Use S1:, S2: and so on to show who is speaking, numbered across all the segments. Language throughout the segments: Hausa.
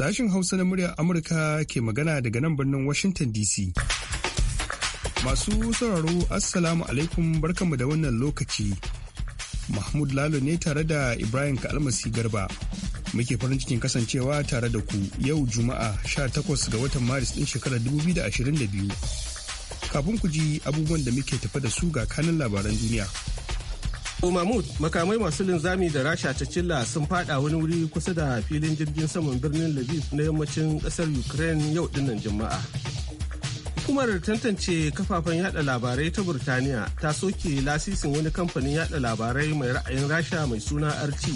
S1: Sashin Hausa na muryar Amurka ke magana daga nan birnin Washington DC. Masu sauraro Assalamu alaikum barkanmu da wannan lokaci. Mahmud Lalo ne tare da Ibrahim Kalmasi Garba. Muke farin cikin kasancewa tare da ku yau Juma'a 18 ga watan Maris ɗin shekarar 2022. Kafin ku ji abubuwan
S2: da muke tafa da su ga kanin labaran duniya. Mahmud makamai masu linzami da rasha ta cilla sun fada wani wuri kusa da filin jirgin saman birnin Lviv na yammacin kasar Ukraine yau dinnan Juma'a. Hukumar tantance kafafen yada labarai ta Burtaniya ta soke lasisin wani kamfanin yada labarai mai ra'ayin rasha mai suna RT.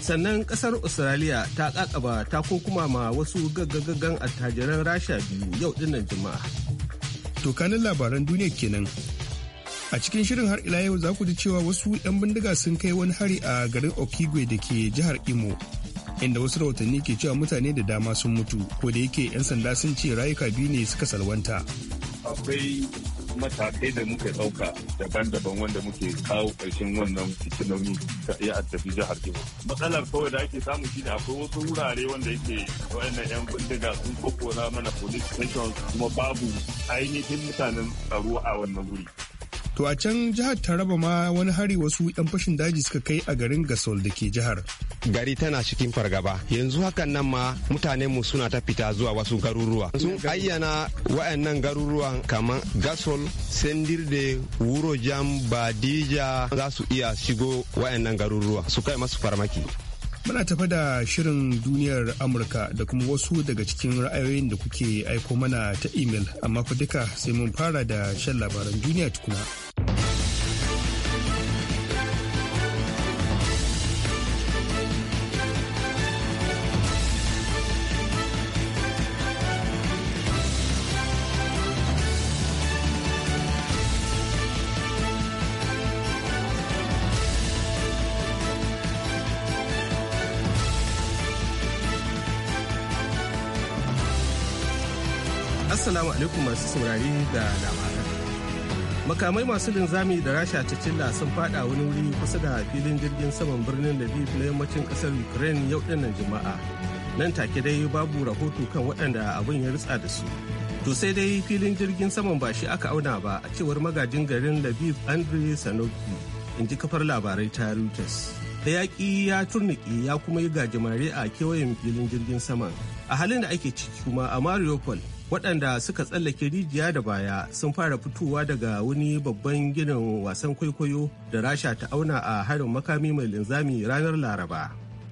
S2: Sannan kasar Australia ta kakaba ta ko kuma ma wasu gaggagaggan attajiran rasha biyu yau dinnan Juma'a.
S1: To kanin labaran duniya kenan a cikin shirin har ila yau za ku ji cewa wasu 'yan bindiga sun kai wani hari a garin okigwe da ke jihar imo inda wasu rahotanni ke cewa mutane da dama sun mutu ko da yake 'yan sanda sun ce rayuka biyu ne suka salwanta
S3: akwai matakai da muke ɗauka daban-daban wanda muke kawo ƙarshen wannan fitinoni ta iya addabi jihar Imo. Matsalar kawai da ake samu shi ne akwai wasu wurare wanda yake wayannan 'yan bindiga sun kokona mana police stations kuma babu ainihin mutanen tsaro a wannan wuri.
S1: To a can jihar Taraba ma wani hari wasu 'yan fashin daji suka kai a garin Gasol da ke jihar. Gari tana cikin fargaba. Yanzu hakan nan ma mutanen mu suna
S4: ta fita zuwa wasu garuruwa. Sun ayyana wa'annan garuruwan kamar Gasol, Sendirde, Wuro Jam, Badija za su iya shigo wa'annan garuruwa su kai masu farmaki.
S1: Muna tafa da shirin duniyar Amurka da kuma wasu daga cikin ra'ayoyin da kuke aiko mana ta imel amma fa duka sai mun fara da shan labaran duniya tukuna.
S2: alaikum masu saurari da labaran. Makamai masu linzami da rasha ta cilla sun fada wani wuri kusa da filin jirgin saman birnin Lviv na yammacin kasar Ukraine yau dinnan Juma'a. Nan take dai babu rahoto kan waɗanda abin ya ritsa da su. To sai dai filin jirgin saman ba shi aka auna ba a cewar magajin garin Lviv andrey Sanoki in ji kafar labarai ta Reuters. Da yaƙi ya turniki ya kuma yi gajimare a kewayen filin jirgin saman. A halin da ake ciki kuma a Mariupol waɗanda suka tsallake rijiya da baya sun fara fitowa daga wani babban ginin wasan kwaikwayo da rasha ta auna a harin makami mai linzami ranar laraba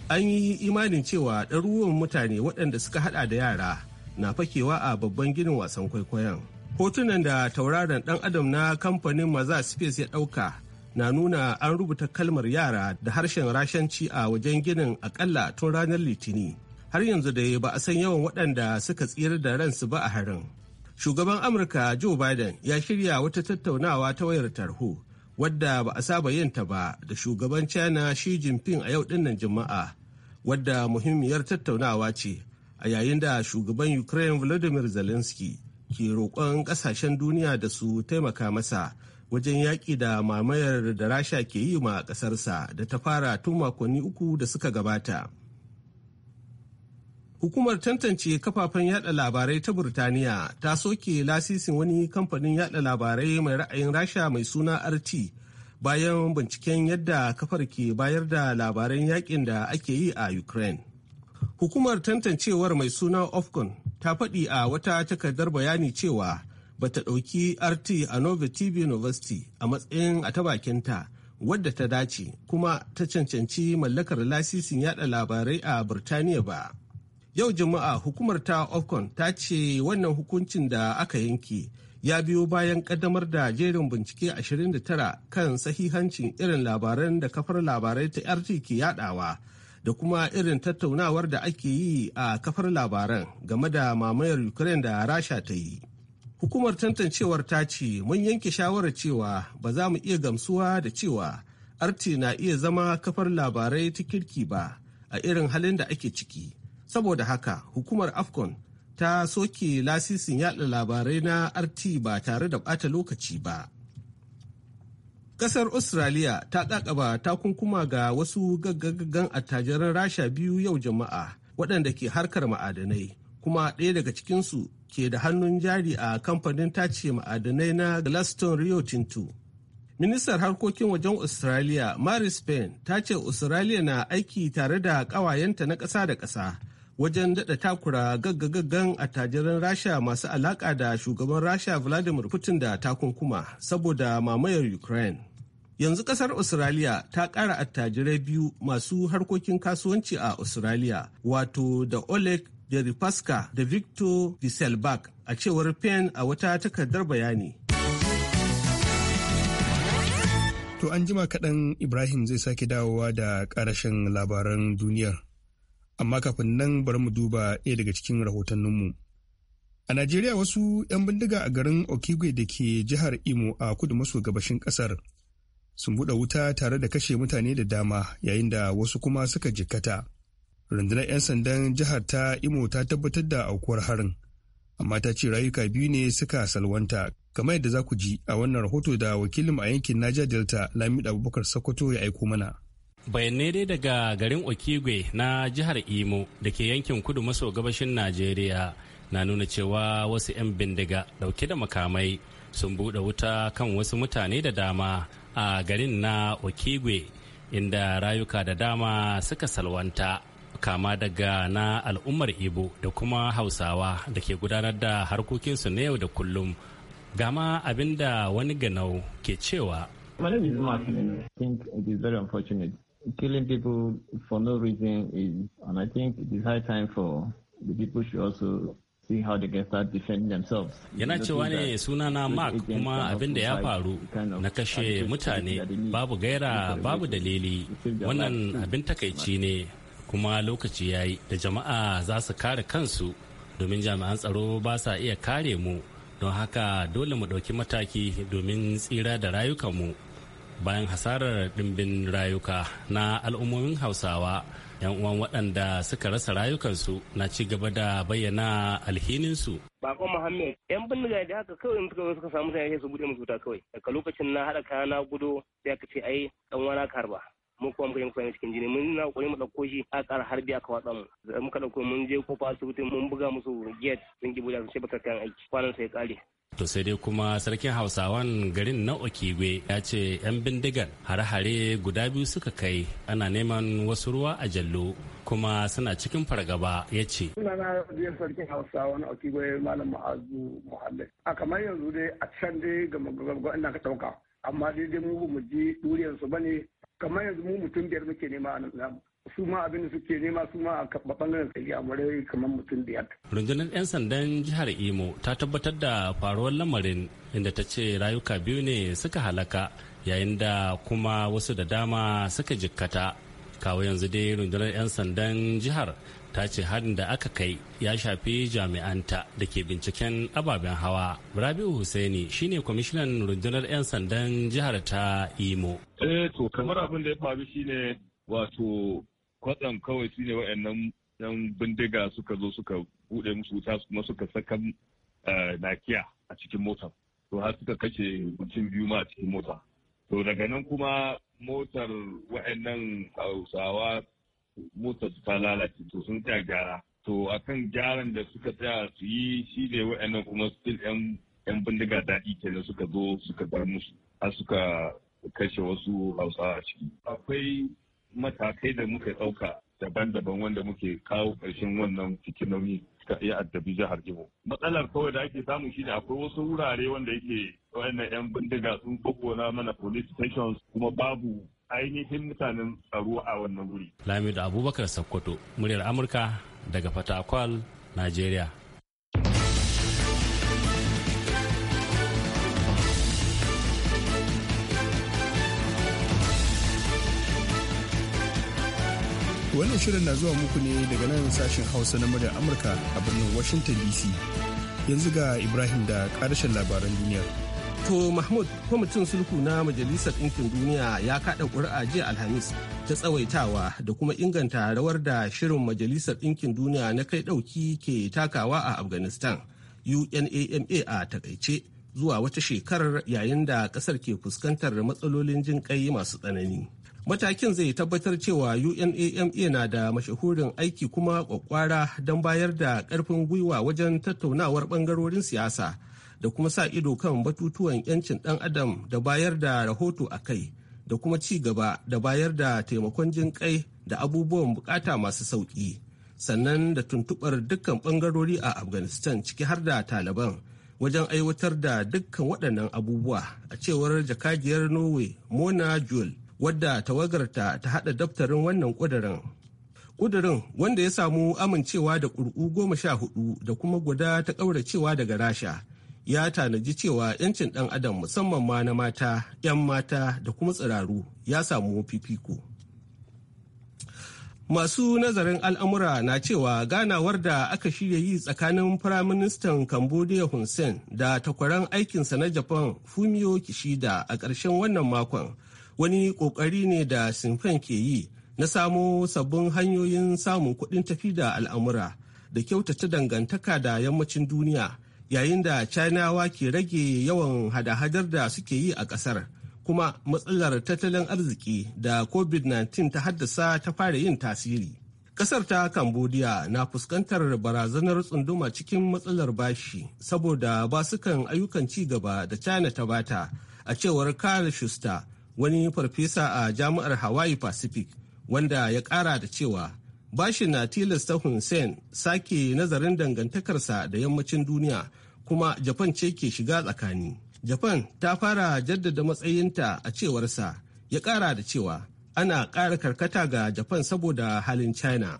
S2: an yi imanin cewa ɗaruruwan mutane waɗanda suka hada da yara na fakewa a babban ginin wasan kwaikwayon hotunan da tauraron ɗan adam na kamfanin maza space ya ɗauka na nuna an rubuta kalmar yara da harshen rashanci a wajen ginin akalla tun ranar litini har yanzu da ba a san yawan waɗanda suka tsira da ransu ba a harin. Shugaban Amurka Joe Biden ya shirya wata tattaunawa ta wayar tarho wadda ba a saba yin ta ba da shugaban China Xi Jinping a yau dinnan Juma'a wadda muhimmiyar tattaunawa ce a yayin da shugaban Ukraine Volodymyr Zelensky ke roƙon ƙasashen duniya da su taimaka masa wajen yaƙi da mamayar da Rasha ke yi ma ƙasarsa da ta fara tun makonni uku da suka gabata. Hukumar tantance kafafen yada labarai ta Burtaniya ta soke lasisin wani kamfanin yada labarai mai ra'ayin Rasha mai suna RT bayan binciken yadda kafar ke bayar da labaran yakin da ake yi a Ukraine. Hukumar tantancewar mai suna Ofcon ta faɗi a wata takardar bayani cewa bata ɗauki RT a TV University a matsayin a ta bakinta wadda ta dace kuma ta cancanci mallakar lasisin yada labarai a Burtaniya ba. Yau Juma'a hukumar ta Ofcon ta ce wannan hukuncin da aka yanke ya biyo bayan kaddamar da jerin bincike 29 kan sahihancin irin labaran da kafar labarai ta RT ke yadawa da kuma irin tattaunawar da ake yi a kafar labaran game da mamayar Ukraine da Rasha ta yi. Hukumar tantancewar ta ce mun yanke shawarar cewa ba za mu iya gamsuwa da cewa RT na iya zama kafar labarai ta kirki ba a irin halin da ake ciki. saboda haka hukumar afcon ta soke lasisin yada labarai na rt ba tare da bata lokaci ba kasar australia ta kakaba takunkuma ga wasu gaggagan attajiran rasha biyu yau jama'a waɗanda ke harkar ma'adanai kuma ɗaya daga cikinsu ke da hannun jari a kamfanin tace ma'adanai na glaston rio tinto ministar harkokin wajen australia mary spain ta ce australia na aiki tare da ƙawayenta na ƙasa da ƙasa wajen daɗa takura gaggagaggan attajiran rasha masu alaƙa da shugaban rasha vladimir putin da takunkuma saboda mamayar ukraine yanzu kasar australia ta ƙara attajirai biyu masu harkokin kasuwanci a australia wato da oleg deripaska da victor dieselbach a cewar pen a wata takardar bayani to an jima kaɗan ibrahim zai sake dawowa da
S1: ƙarashin labaran duniyar amma kafin nan bari mu duba ɗaya daga cikin rahotanninmu. A Najeriya wasu 'yan bindiga a garin Okigwe da ke jihar Imo a kudu maso gabashin ƙasar sun buɗe wuta tare da kashe mutane da dama yayin da wasu kuma suka jikkata. Rundunar 'yan sandan jihar ta Imo ta tabbatar da aukuwar harin, amma ta ce rayuka biyu ne suka salwanta kamar yadda za ku ji a wannan rahoto da wakilin a yankin Niger Delta Lamid Abubakar Sokoto ya aiko mana.
S5: bayanai dai daga garin okigwe na jihar imo da ke yankin kudu maso gabashin najeriya na nuna cewa wasu 'yan bindiga dauke da makamai sun buɗe wuta kan wasu mutane da dama a garin na okigwe inda rayuka da dama suka salwanta kama daga na al'ummar ibo da kuma hausawa da ke gudanar da harkokinsu na yau da kullum gama abinda wani ganau ke cewa
S6: My name is Martin. I think it is very unfortunate killing
S7: people for no reason is, and I think it is high time for the people should also see how they can start defending themselves. Yana cewa ne sunana Mark kuma abin
S5: da ya faru na kashe mutane babu gaira babu dalili wannan abin takaici ne kuma lokaci ya yi da jama'a za su kare kansu domin jami'an tsaro ba sa iya kare mu don haka dole mu ɗauki mataki domin tsira da rayukanmu. bayan hasarar ɗimbin rayuka na al'ummomin hausawa yan uwan waɗanda suka rasa rayukansu na ci gaba da bayyana alhininsu
S7: bako muhammed yan bindiga da haka kawai suka zo suka samu sai su bude musu wuta kawai daga lokacin na haɗa kaya na gudo sai aka ce ai dan wana karba mu kuma muka yi cikin jini mun na kokari mu dauko shi a ƙara harbi aka watsa mu muka dauko mun je kofa asibiti mun buga musu gate sun ki buɗe sun ce baka kan aiki kwanan sai kare
S5: to sai dai kuma sarkin hausawan garin na okigwe ya ce 'yan bindigan hare-hare guda biyu suka kai ana neman wasu ruwa a jallo kuma suna cikin fargaba ya ce
S6: sunana biyar sarkin
S3: hausawa na okigwe malam ma'azu muhammad a kamar yanzu dai a can dai ga magagagwa
S4: ina ka amma dai dai mu mu ji duriyarsu ba ne kamar yanzu mu mutum biyar muke nema a nan su ma abin da suke nema su ma a bangaren inyamurai kamar mutum biyar.
S5: rundunar 'yan sandan jihar imo ta tabbatar da faruwar lamarin inda ta ce rayuka biyu ne suka halaka yayin da kuma wasu da dama suka jikkata kawo yanzu dai rundunar 'yan sandan jihar ta ce harin da aka kai ya shafi jami'anta da ke binciken ababen hawa rabiu husaini shine kwamishinan rundunar 'yan sandan jihar ta imo
S3: eh to kamar abin da ya faru shine wato kwatsam kawai shine waɗannan yan bindiga suka zo suka buɗe musu wuta kuma suka saka eh, nakiya a cikin motar to har suka kashe mutum biyu ma a cikin mota to daga nan kuma motar waɗannan hausawa motar ta lalace to sun tsaya gyara to akan gyaran da suka tsaya su yi shi ne wa'annan kuma still yan bindiga daɗi kenan suka zo suka bar musu har suka kashe wasu hausawa a ciki akwai matakai da muka ɗauka daban-daban wanda muke kawo ƙarshen wannan fitinoni ka iya addabi jihar Imo. Matsalar kawai da ake samu shi shine akwai wasu wurare wanda yake wayannan 'yan bindiga sun kokona mana police stations kuma babu ainihin mutanen tsaro a wannan wuri.
S5: Lamidu Abubakar Sokoto, muryar Amurka daga Fatakwal, Najeriya.
S1: Wannan shirin na zuwa muku ne daga nan sashen Hausa na muryar Amurka a birnin
S2: Washington DC. Yanzu ga Ibrahim da karshen labaran duniya. To Mahmud kwamitin sulhu na Majalisar Ɗinkin Duniya ya kaɗa ƙuri'a jiya Alhamis ta tsawaitawa da kuma inganta rawar da shirin Majalisar Ɗinkin Duniya na kai ɗauki ke takawa a Afghanistan UNAMA a takaice zuwa wata shekarar yayin da ƙasar ke fuskantar matsalolin jin ƙai masu tsanani. matakin zai tabbatar cewa unama na da mashahurin aiki kuma kwakwara don bayar da karfin gwiwa wajen tattaunawar bangarorin siyasa da kuma sa ido kan batutuwan 'yancin dan adam da bayar da rahoto a kai da kuma ci gaba da bayar da taimakon jin kai da abubuwan bukata masu sauki sannan da tuntubar dukkan bangarori a afghanistan ciki har da taliban wajen aiwatar da dukkan waɗannan abubuwa a cewar jakajiyar norway mona jewel wadda tawagarta ta hada daftarin wannan kudirin. Kudirin wanda ya samu amincewa da ƙuri'u goma sha hudu da kuma guda ta ƙauracewa daga rasha ya tanaji cewa 'yancin ɗan adam musamman ma na mata 'yan mata da kuma tsiraru ya samu fifiko. Masu nazarin al'amura na cewa ganawar da aka shirya yi tsakanin Firaministan Cambodia Hun Sen da takwaran aikinsa na Japan Fumio Kishida a ƙarshen wannan makon wani ƙoƙari ne da sinfen ke yi na samo sabbin hanyoyin samun kuɗin tafi da al'amura da kyautata dangantaka da yammacin duniya yayin da chinawa ke rage yawan hada-hadar da suke yi a ƙasar kuma matsalar tattalin arziki da covid-19 ta haddasa ta fara yin tasiri ƙasar ta cambodia na fuskantar barazanar tsunduma cikin matsalar bashi saboda ba basukan ayyukan ci gaba da china ta bata a cewar carl schuster wani farfesa a jami'ar hawaii pacific wanda ya kara da cewa bashi na tilasta hussein sake nazarin dangantakarsa da yammacin duniya kuma japan ce ke shiga tsakani japan ta fara jaddada matsayinta a cewarsa ya kara da cewa ana ƙara karkata ga japan saboda halin china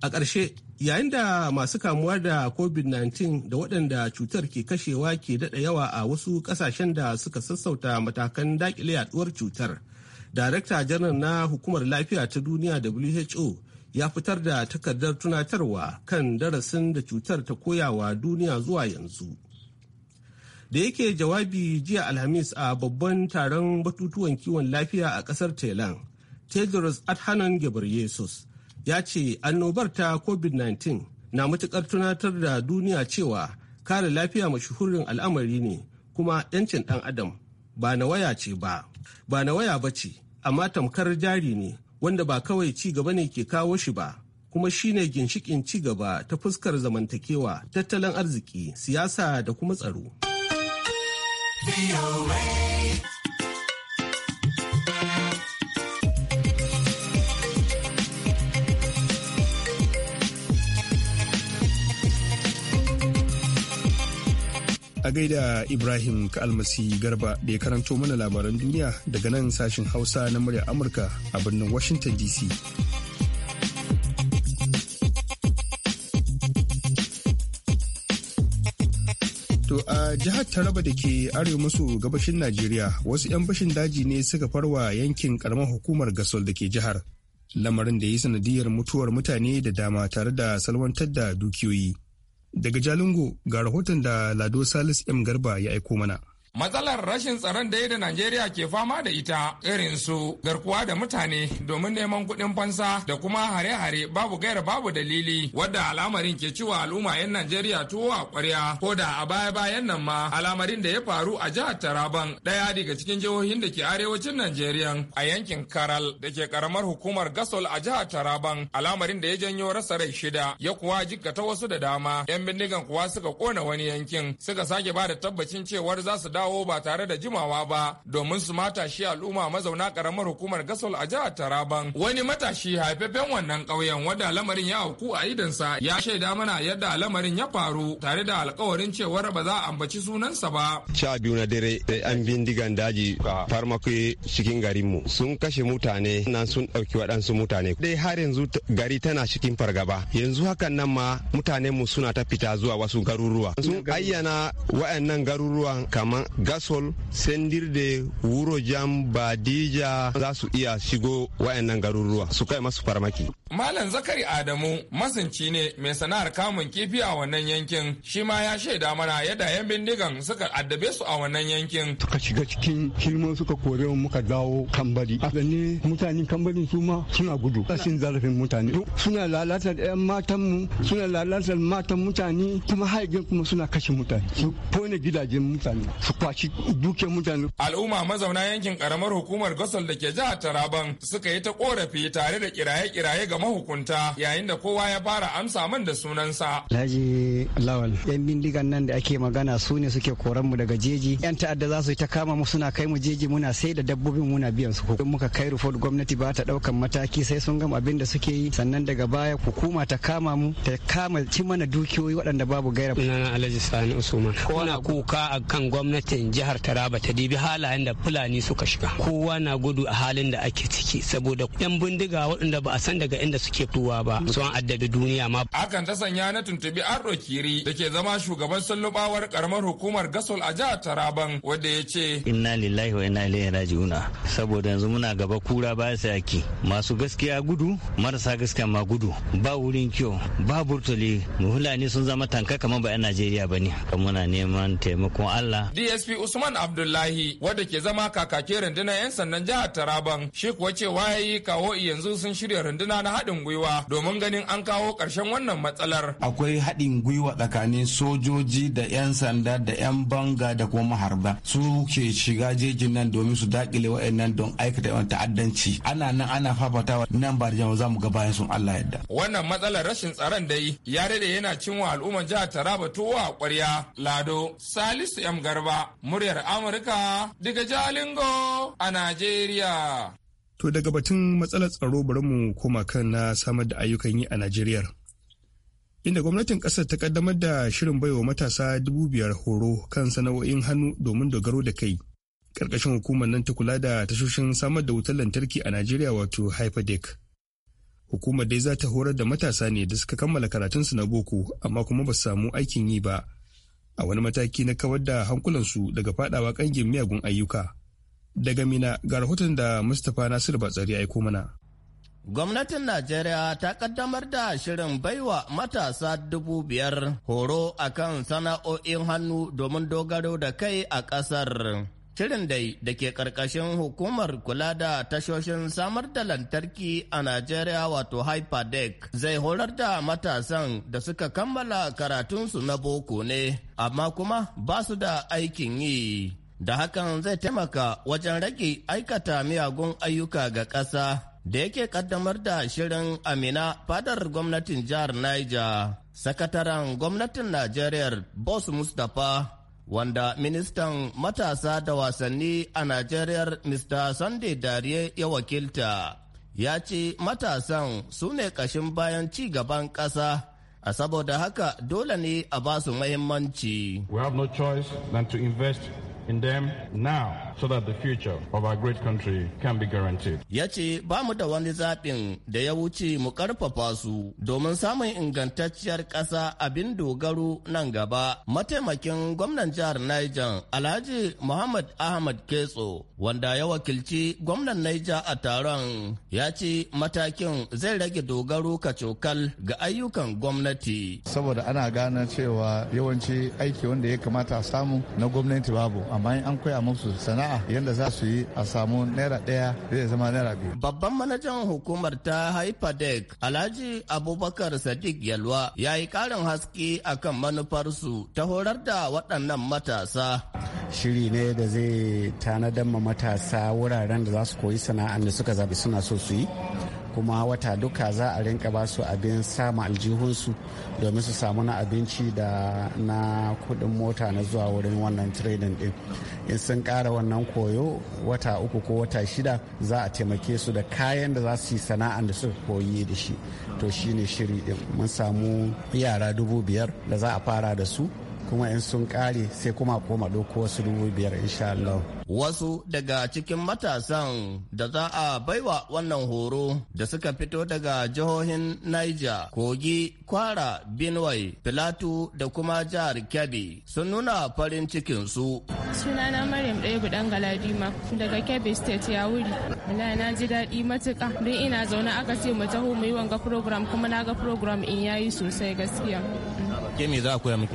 S2: a ƙarshe Yayin da masu kamuwa da COVID-19 da waɗanda cutar ke kashewa ke daɗa yawa a wasu ƙasashen da suka sassauta matakan daƙile yaɗuwar cutar. Darakta janar na Hukumar Lafiya ta Duniya WHO ya fitar da takardar tunatarwa kan darasin da cutar ta koyawa duniya zuwa yanzu. Da yake jawabi jiya Alhamis a babban taron batutuwan kiwon lafiya a ƙasar Thailand, Tedros Adhanom Ghebreyesus ya ce annobar ta covid-19 na matukar tunatar da duniya cewa kare lafiya mashuhurin al'amari ne kuma 'yancin ɗan adam ba na waya ce ba ba na waya ba ce amma tamkar jari ne wanda ba kawai ci gaba ne ke kawo shi ba kuma shine ginshikin ci gaba ta fuskar zamantakewa tattalin arziki siyasa da kuma tsaro.
S1: a gaida Ibrahim Kalmasi Garba da ya karanto mana labaran duniya daga nan sashin Hausa na murya Amurka a birnin Washington DC. To a jihar Taraba da ke arewa maso gabashin Najeriya wasu 'yan bashin daji ne suka farwa yankin karamar hukumar Gasol da ke jihar. Lamarin da ya yi sanadiyar mutuwar mutane da dama tare da salwantar da dukiyoyi. Daga Jalingo ga rahoton da Lado Salis M Garba ya aiko mana.
S6: matsalar rashin tsaron da da Najeriya ke fama da ita irin su garkuwa da mutane domin neman kuɗin fansa da kuma hare-hare babu gaira babu dalili wadda al'amarin ke ciwa al'umma 'yan Najeriya tuwo a ƙwarya ko da a baya-bayan nan ma al'amarin da ya faru a jihar Taraban ɗaya daga cikin jihohin da ke arewacin Najeriya a yankin Karal da ke karamar hukumar Gasol a jihar Taraban al'amarin da ya janyo rasa rai shida ya kuwa jikkata wasu da dama 'yan bindigan kuwa suka kona wani yankin suka sake ba da tabbacin cewar za su dawo dawo ba tare da jimawa ba domin su matashi al'umma mazauna karamar hukumar gasol a jihar taraban wani matashi haifafen wannan ƙauyen wanda lamarin ya auku a idansa ya shaida mana yadda lamarin ya faru tare da alkawarin cewar ba za a ambaci sunansa ba
S4: sha biyu na dare sai eh, an bindigan daji farmaki cikin garinmu sun kashe mutane nan sun ɗauki waɗansu mutane dai har yanzu gari tana cikin fargaba yanzu hakan nan ma mutanen mu suna ta fita zuwa wasu garuruwa sun ayyana waɗannan garuruwan kamar. gasol sendirde wuro jam badija za su iya shigo wayannan garuruwa su kai masu farmaki
S6: malam zakari adamu masunci ne mai sana'ar kamun kifi a wannan yankin shi ma ya shaida mana yadda yan bindigan suka addabe su a wannan yankin
S4: suka shiga cikin hirmo suka kore muka dawo kambari a ne mutanen kambarin su ma suna gudu rashin zarafin mutane
S6: suna lalatar yan
S4: matanmu suna lalata matan mutane kuma haigin kuma suna kashe mutane su kone gidajen mutane su kwaci dukiyar mutane. Al'umma mazauna
S6: yankin karamar hukumar Gosol da ke jihar Taraban suka yi ta korafi tare da kiraye-kiraye ga mahukunta yayin da kowa ya fara amsa man da sunansa.
S4: Laji Lawal, yan bindigan nan da ake magana su ne suke koran mu daga jeji. Yan ta'adda za su yi ta kama mu suna kai mu jeji muna sai da dabbobin muna biyan su. In muka kai rufot
S5: gwamnati ba ta ɗaukan mataki sai sun gama abin da suke yi sannan daga baya hukuma ta kama mu ta kama ci mana dukiyoyi waɗanda babu gaira.
S4: Nana Alhaji Sani Usman. Ko na kuka kan gwamnati gwamnatin jihar taraba ta dibi halayen da fulani suka shiga kowa na gudu a halin da ake ciki saboda yan bindiga waɗanda ba a san daga inda suke fitowa ba an addabi duniya ma
S6: hakan ta sanya na tuntubi ardo kiri da ke zama shugaban sallubawar karamar hukumar gasol a jihar taraban wanda ya ce inna
S5: lillahi wa inna ilaihi raji'una saboda yanzu muna gaba kura ba sa yaki masu gaskiya gudu marasa gaskiya ma gudu ba wurin kyau ba burtuli hulani sun zama tanka kamar ba 'yan najeriya ba ne muna neman taimakon allah
S6: sp usman abdullahi wadda ke zama kakake rundunar 'yan sandan jihar taraban shi kuwa cewa ya kawo yanzu sun shirya runduna na haɗin gwiwa domin ganin an kawo karshen wannan matsalar
S4: akwai haɗin gwiwa tsakanin sojoji da 'yan sanda da 'yan banga da kuma maharba su ke shiga jejin nan domin su dakile wa'annan don aikata yawan ta'addanci ana nan ana fafatawa nan ba da za mu ga bayan sun Allah yadda
S6: wannan matsalar rashin tsaron dai ya daɗe yana cinwa al'ummar jihar Taraba tuwo a ƙwarya Lado Salisu M Garba muryar Amurka daga Jalingo a Najeriya. To
S1: daga batun matsalar tsaro bari mu koma kan na samar da ayyukan yi a Najeriya. Inda gwamnatin ƙasar ta kaddamar da shirin baiwa matasa dubu biyar horo kan sana'o'in hannu domin dogaro da kai. Ƙarƙashin hukumar nan ta kula da tashoshin samar da wutar lantarki a Najeriya wato Hyperdeck. Hukumar dai za ta horar da matasa ne da suka kammala karatunsu na boko amma kuma ba su samu aikin yi ba. a wani mataki na kawar da hankulansu daga fadawa kangin miyagun ayyuka daga mina ga rahoton da mustapha nasir batsari ya aiko mana
S7: Gwamnatin Najeriya ta kaddamar da shirin baiwa matasa dubu biyar horo akan sana'o'in hannu domin dogaro da kai a ƙasar. Shirin dai da ke ƙarƙashin hukumar kula da tashoshin samar da lantarki a Najeriya wato Hyperdeck zai horar da matasan da suka kammala karatunsu na boko ne, amma kuma ba su da aikin yi. Da hakan zai taimaka wajen rage aikata miyagun ayyuka ga ƙasa da yake ƙaddamar da shirin Amina fadar gwamnatin jihar Niger. Sakataren gwamnatin Najeriya Boss Mustapha wanda ministan matasa da wasanni a Najeriya Mr. Sunday Dariye ya wakilta, ya ce matasan su ne ƙashin bayan ci gaban ƙasa, a saboda haka dole ne a ba su muhimmanci. We have no choice than to invest in them now so that the future of our great country can be guaranteed. Ya ce ba mu da wani zaɓin da ya wuce mu ƙarfafa su domin samun ingantacciyar ƙasa abin dogaro nan gaba. Mataimakin gwamnan jihar Niger Alhaji Muhammad Ahmad Ketso wanda ya wakilci gwamnan Niger a taron ya ce matakin zai rage dogaro cokal ga ayyukan gwamnati.
S4: Saboda ana gane cewa yawanci aiki wanda ya kamata samu na gwamnati
S7: babu amma an koya musu sana'a yadda za su yi a samu naira ɗaya zai zama naira biyu. Babban manajan hukumar ta Hyperdeck Alhaji Abubakar Sadiq Yalwa ya yi ƙarin haske akan manufarsu ta horar da waɗannan matasa.
S4: Shiri ne da zai tanadar ma matasa wuraren da za su koyi sana'an da suka zabi suna so su yi. kuma wata duka za a rinka ba su abin samun aljihunsu domin su samu na abinci da na kudin mota na zuwa wurin wannan trading din in sun kara wannan koyo wata uku ko wata shida za a taimake su da kayan da za su yi sana'an da suka koyi da shi to shine shiri din mun samu yara dubu biyar da za a fara da su kuma in sun kare sai kuma koma ɗauko wasu
S7: dubu biyar insha Allah. Wasu daga cikin matasan da za a baiwa wannan horo da suka fito daga jihohin Niger, Kogi, Kwara, Benue, filatu da kuma jihar Kebbi sun nuna farin cikin su.
S2: Sunana Maryam ɗaya gudan Galadima daga Kebbi State ya wuri. Ina na ji daɗi matuƙa don ina zaune aka ce mu taho mu yi wanga program kuma na ga program in yayi sosai gaskiya.
S7: Ke za a koya miki?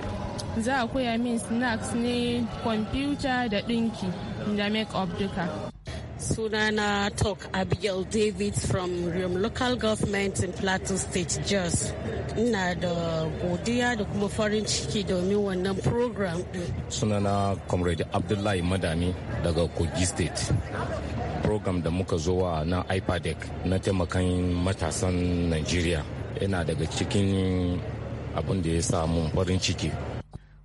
S2: za a koya min snacks ne kwamfuta da ɗinki da make-up duka
S5: sunana talk abigail david from Rium local government in plateau state jos ina da godiya da kuma farin ciki domin wannan program
S6: sunana comrade abdullahi madami daga kogi state program da muka zowa na ipadec na taimakan matasan nigeria yana daga cikin abin da ya samu farin ciki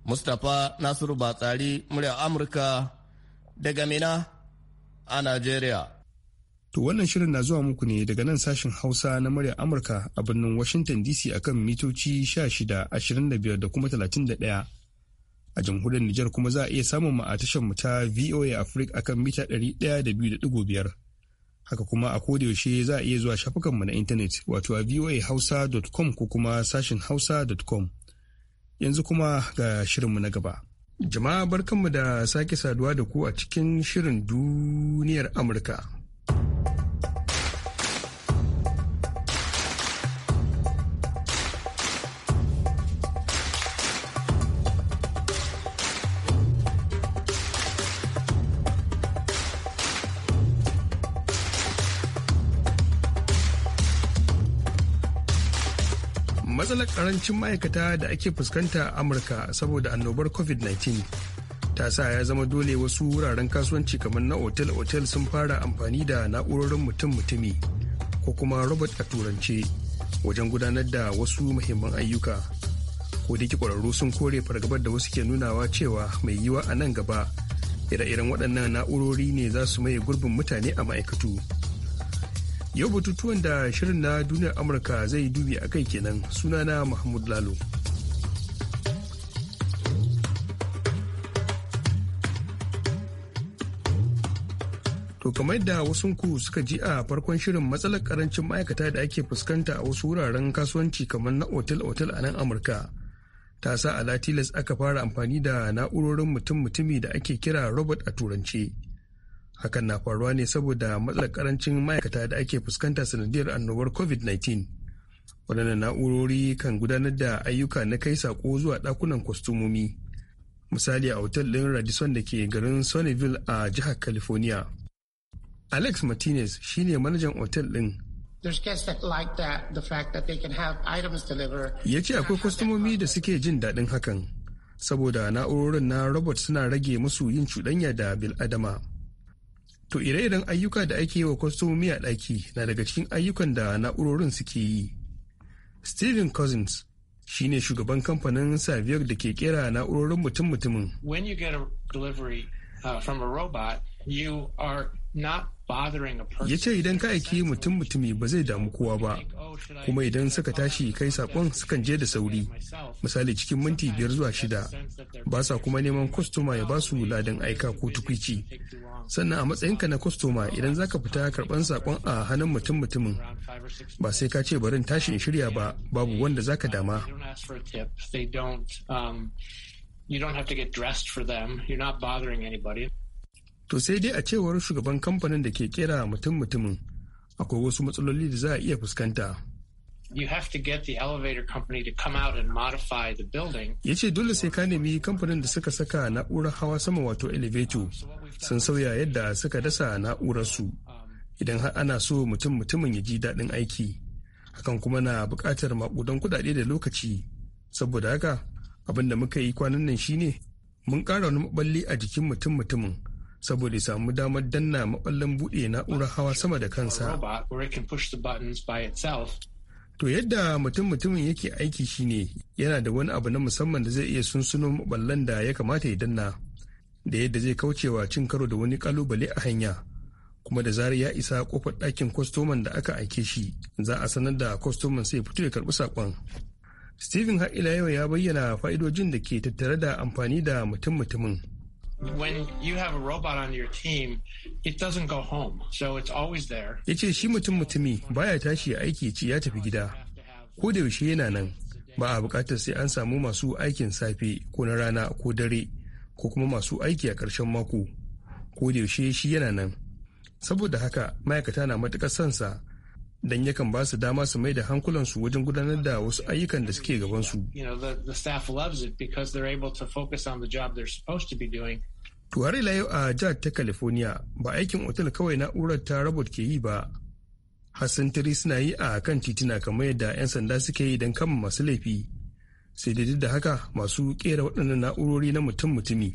S7: Mustapha Nasiru Batsari murya Amurka daga Mina a Najeriya.
S6: To wannan shirin na
S1: zuwa muku ne daga nan sashen Hausa na murya Amurka a birnin Washington DC akan mitoci 16, da kuma 31. A jamhuriyar Nijar kuma za a iya samun mu a tashar mu ta VOA Africa akan mita 102.5. Haka kuma a kodayaushe za a iya zuwa shafukanmu na intanet wato a voahausa.com ko kuma sashen hausa.com. Yanzu kuma ga shirinmu na gaba. Jama'a barkanmu da sake saduwa da ku a cikin shirin duniyar Amurka. karancin ma'aikata da ake fuskanta a amurka saboda annobar covid-19 ta sa ya zama dole wasu wuraren kasuwanci kamar na otel-otel sun fara amfani da na'urorin mutum-mutumi ko kuma robot a turance wajen gudanar da wasu muhimman ayyuka ko da kwararru sun kore fargabar da wasu ke nunawa cewa mai yiwa a nan gaba ire-iren waɗannan na'urori ne za su maye gurbin mutane a ma'aikatu. Yau batutuwan da shirin na duniyar Amurka zai dubi a kai kenan sunana Mahmud Lalo. To kamar yadda wasu ku suka ji a farkon shirin matsalar karancin ma'aikata da ake fuskanta a wasu wuraren kasuwanci kamar na otel-otel a nan Amurka. Ta sa a Latilas aka fara amfani da na'urorin mutum-mutumi da ake kira robot a turance. hakan na faruwa ne saboda matsalar karancin ma'aikata da ake fuskanta sanadiyar annobar covid-19 waɗannan na'urori kan gudanar da ayyuka na kai sako zuwa ɗakunan kwastomomi misali a otal ɗin radisson da ke garin sunnyville a jihar california alex martinez shine manajan otal ɗin ya ce akwai kwastomomi da suke jin daɗin hakan saboda na'urorin na robot suna rage musu yin cuɗanya da bil'adama To ire-iren ayyuka da ake yi wa kwastomomi a ɗaki na daga cikin ayyukan da na'urorin suke yi. Steven Cousins shi ne shugaban kamfanin Saviyar da ke kera na'urorin mutum-mutumin.
S5: When you get delivery uh, from a robot, you
S1: ya ce idan ka aiki mutum mutumi ba zai damu kowa ba kuma idan suka tashi kai sakon sukan je da sauri misali cikin minti biyar zuwa shida ba sa kuma neman kwastoma ya ba su ladan aika ko tukwici sannan a matsayinka na kwastoma idan zaka fita karban sakon a hannun mutum mutumin ba sai ka ce barin tashi in shirya ba babu wanda zaka dama
S5: um, You don't get dressed for them. You're not bothering anybody.
S1: To sai dai a cewar shugaban kamfanin da ke kera mutum-mutumin akwai wasu matsaloli da za a iya fuskanta.
S5: to get the the
S1: Ya ce dole sai ka nemi kamfanin da suka saka na'urar hawa sama wato elevator sun sauya yadda suka dasa na'urarsu idan har ana so mutum-mutumin ya ji daɗin aiki. Hakan kuma na buƙatar maƙudan kuɗaɗe da lokaci. Saboda haka abin da muka yi kwanan nan shine mun ƙara wani maballi a jikin mutum-mutumin saboda ya samu damar danna maballan buɗe na'urar hawa sama da kansa. To yadda mutum-mutumin yake aiki shine yana da wani abu na musamman da zai iya sunsuno maɓallan da ya kamata ya danna, da yadda zai kaucewa cin karo da wani kalubale a hanya. kuma da zarar ya isa kofar ɗakin kwastoman da aka aike shi za a sanar da kwastoman sai fito ya karɓi saƙon. Steven har yau ya bayyana fa'idojin da ke tattare da amfani da mutum-mutumin.
S7: when
S5: you have a robot on your team, it doesn't go home, so it's always there.
S1: Ya ce shi mutum mutumi baya tashi aiki ci ya tafi gida, ko da yaushe yana nan, ba a bukatar sai an samu masu aikin safe ko na rana ko dare ko kuma masu aiki a ƙarshen mako, ko da yaushe shi yana nan. Saboda haka ma'aikata na matuƙar sansa don yakan ba su dama su mai da hankulansu wajen gudanar da wasu ayyukan da suke gabansu. Tuwari layo a jihar ta California ba aikin otal kawai na'urar ta robot ke yi ba. Hassantiri suna yi a kan titina kamar yadda 'yan sanda suke yi don kama masu laifi. Sai da da haka masu kera waɗannan na'urori na mutum-mutumi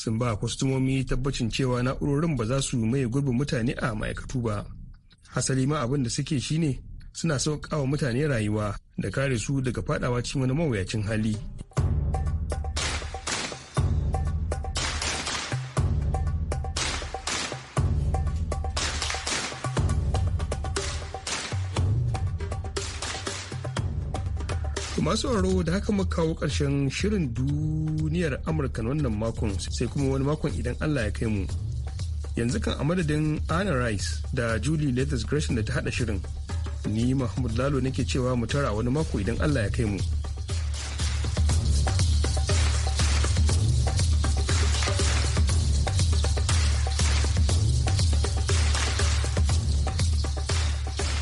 S1: sun ba kwastomomi tabbacin cewa na'urorin ba za su maye gurbin mutane a ma'aikatu ba. hasali ma abin da suke shine suna sauƙawa mutane rayuwa da kare su daga fadawa cikin wani mawuyacin hali masu sauraro da haka muka kawo ƙarshen shirin duniyar amurka wannan makon sai kuma wani makon idan allah ya kai mu yanzu kan a madadin Anna Rice da Julie Leathers Gresham da ta hada shirin. Ni Mahmud Lalo nake cewa mu tara wani mako idan Allah ya kai mu.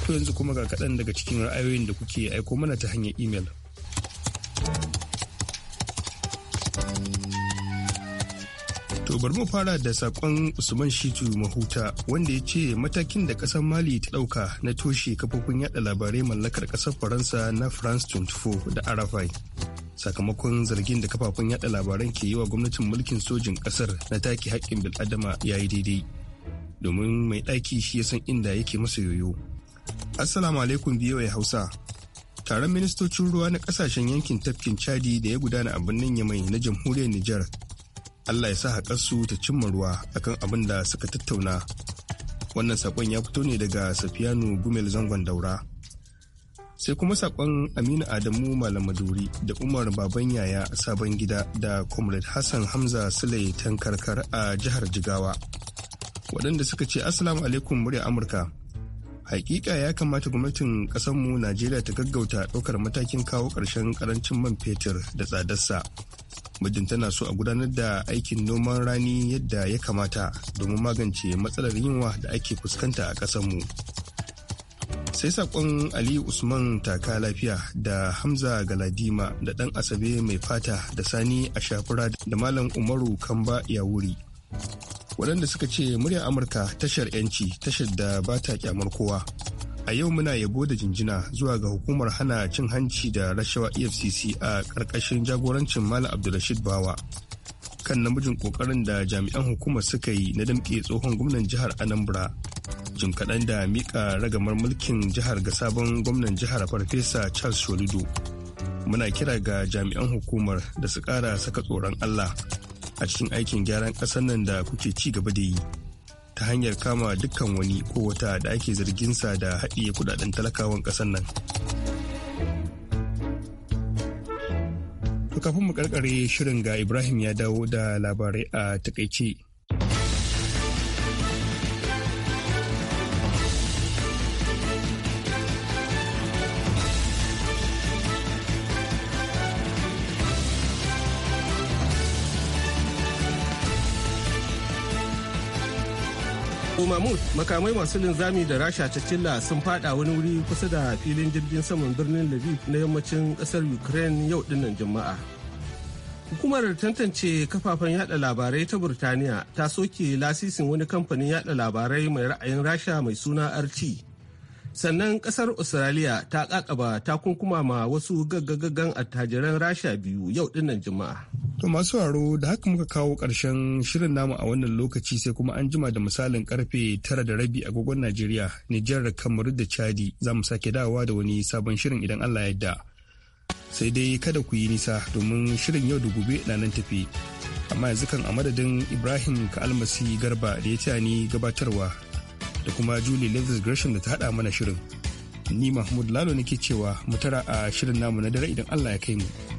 S1: To yanzu kuma ga kaɗan daga cikin ra'ayoyin da kuke aiko mana ta hanyar imel. To bari mu fara da sakon Usman Shitu Mahuta wanda ya ce matakin da kasar Mali ta dauka na toshe kafofin yada labarai mallakar kasar Faransa na France 24 da Arafai. sakamakon zargin da kafafun yada labaran ke yi wa gwamnatin mulkin sojin kasar na take haƙƙin bil'adama ya yi daidai domin mai ɗaki shi ya san inda yake masa yoyo assalamu alaikum biyoyi hausa taron ministocin ruwa na ƙasashen yankin tafkin chadi da ya gudana a birnin yamai na jamhuriyar Nijar. Allah ya sa haƙarsu ta cimma ruwa akan abin da suka tattauna. Wannan saƙon ya fito ne daga Safiyanu Gumel Zangon Daura. Sai kuma saƙon Aminu Adamu Malam Maduri da Umar Baban Yaya Sabon Gida da Comrade Hassan Hamza Sule Tankarkar a jihar Jigawa. Waɗanda suka ce Assalamu alaikum murya Amurka. hakika ya kamata gwamnatin kasanmu najeriya ta gaggauta ɗaukar matakin kawo ƙarshen karancin man fetur da tsadarsa muddin tana so a gudanar da aikin noman rani yadda ya kamata domin magance matsalar yunwa da ake fuskanta a kasanmu sai saƙon ali usman taka lafiya da hamza galadima da dan asabe mai fata da sani a shafura da malam umaru kamba ya wuri waɗanda suka ce muryar amurka tashar 'yanci tashar da ba ta kyamar kowa a yau muna yabo da jinjina zuwa ga hukumar hana cin hanci da rashawa efcc a ƙarƙashin jagorancin malam abdulrashid bawa kan namijin ƙoƙarin da jami'an hukumar suka yi na damƙe tsohon gwamnan jihar anambra jim kaɗan da miƙa ragamar mulkin jihar ga sabon gwamnan jihar farfesa charles sholido muna kira ga jami'an hukumar da su ƙara saka tsoron allah a cikin aikin gyaran ƙasar nan da kuke ci gaba da yi ta hanyar kama dukkan wani ko wata da ake zargin sa da haɗiye kudaden talakawan ƙasar nan. kafin mu karkare shirin ga Ibrahim ya dawo da labarai a takaice.
S2: Mahmud makamai masu linzami da rasha ta cilla sun fada wani wuri kusa da filin jirgin saman birnin Lviv na yammacin kasar Ukraine yau dinnan Juma'a. Hukumar tantance kafafen yada labarai ta Burtaniya ta soke lasisin wani kamfanin yada labarai mai ra'ayin rasha mai suna RT sannan kasar australia ta kakaba kunkuma ma wasu gaggagaggan attajiran rasha biyu yau dinnan juma'a
S1: to masu haro da haka muka kawo karshen shirin namu a wannan lokaci sai kuma an jima da misalin karfe tara da rabi a gogon najeriya nijar da kamaru da chadi za mu sake dawowa da wani sabon shirin idan allah ya yarda sai dai kada ku yi nisa domin shirin yau da gobe na nan tafi amma yanzu kan a madadin ibrahim ka almasi garba da ya ni gabatarwa da kuma Julie Leathers Gresham da ta hada mana shirin. Ni Mahmud Lalo nake cewa mu tara a shirin namu na dare idan Allah ya kai mu.